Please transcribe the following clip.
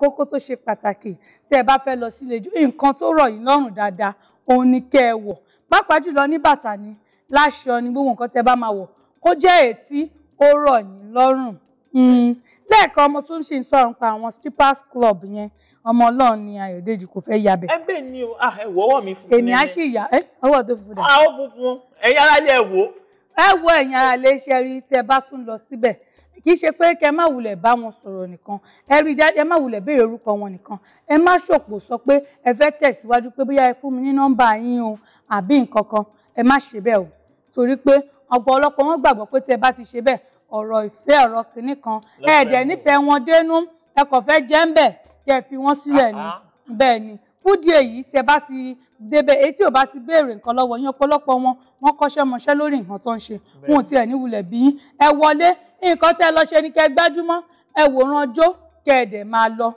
kókó tó ṣe pàtàkì tí ẹ bá fẹ́ lọ sílé ijó nǹkan tó rọ̀ yín lọ́rùn dáadáa òun ni kẹ́ ẹ wọ̀ pàápàá jùlọ ní bàtà ni láṣọ ni gbogbo nǹkan tẹ́ bá máa wọ̀ kó jẹ́ ètí ó rọ̀ yín lọ́rùn hmm. lẹ́ẹ̀kan ọmọ tó ń ṣe sọ̀rọ̀ nípa àwọn strippers club yẹn ọmọ ọlọ́run ni Ayọ̀dèjì kò fẹ́ yabẹ̀. ẹ bẹ́ẹ̀ ni o ah, ẹ wọ́wọ́ mi funfun. èmi á sì yà ẹ ọwọ́ tó funfun dà. a ah, ó funfun ẹ̀yin aráàlú ẹ̀ wò ẹ wo ẹ̀yin ara lè ṣe rí tẹ́ bá tún lọ síbẹ̀ kì í ṣe pé kẹ má wulẹ̀ bá wọn sọ̀rọ̀ nìkan ẹ rí dájú ẹ má wulẹ̀ béèrè orúkọ wọn nìkan ẹ má ṣòpò sọ pé ẹ fẹ́ tẹ̀síwájú pé bóyá ẹ fún mi ní nọ́mbà yín o àbí nǹkan kan ẹ má ṣe bẹ́ẹ̀ o torí pé ọ̀pọ̀lọpọ̀ wọn gbàgbọ́ pé tí ẹ bá ti ṣe bẹ́ẹ̀ ọ̀rọ̀ ìfẹ́ ọ̀rọ̀ kìíní kan ẹ̀ẹ́dẹ̀ nífẹ̀ẹ́ wọn dénú ẹ kò fẹ́ jẹ́ ń bẹ̀ kẹ́ fi wọ́n sílẹ̀ ni ah, ah. bẹ́ẹ̀ ni fúdìí èyí tẹ bá ti débẹ̀ èyí tí ò bá ti béèrè nǹkan lọ́wọ́ yín ọ̀pọ̀lọpọ̀ wọn wọ́n kọ́ṣẹ́ mọṣẹ́ lórí nǹkan tó ń ṣe wọn ò tiẹ̀ níwulẹ̀ bí yín ẹ wọlé nǹkan tẹ lọ ṣe ni kẹ gbájúmọ́ ẹ wòran ọjọ́ kẹ ẹ dẹ̀ máa lọ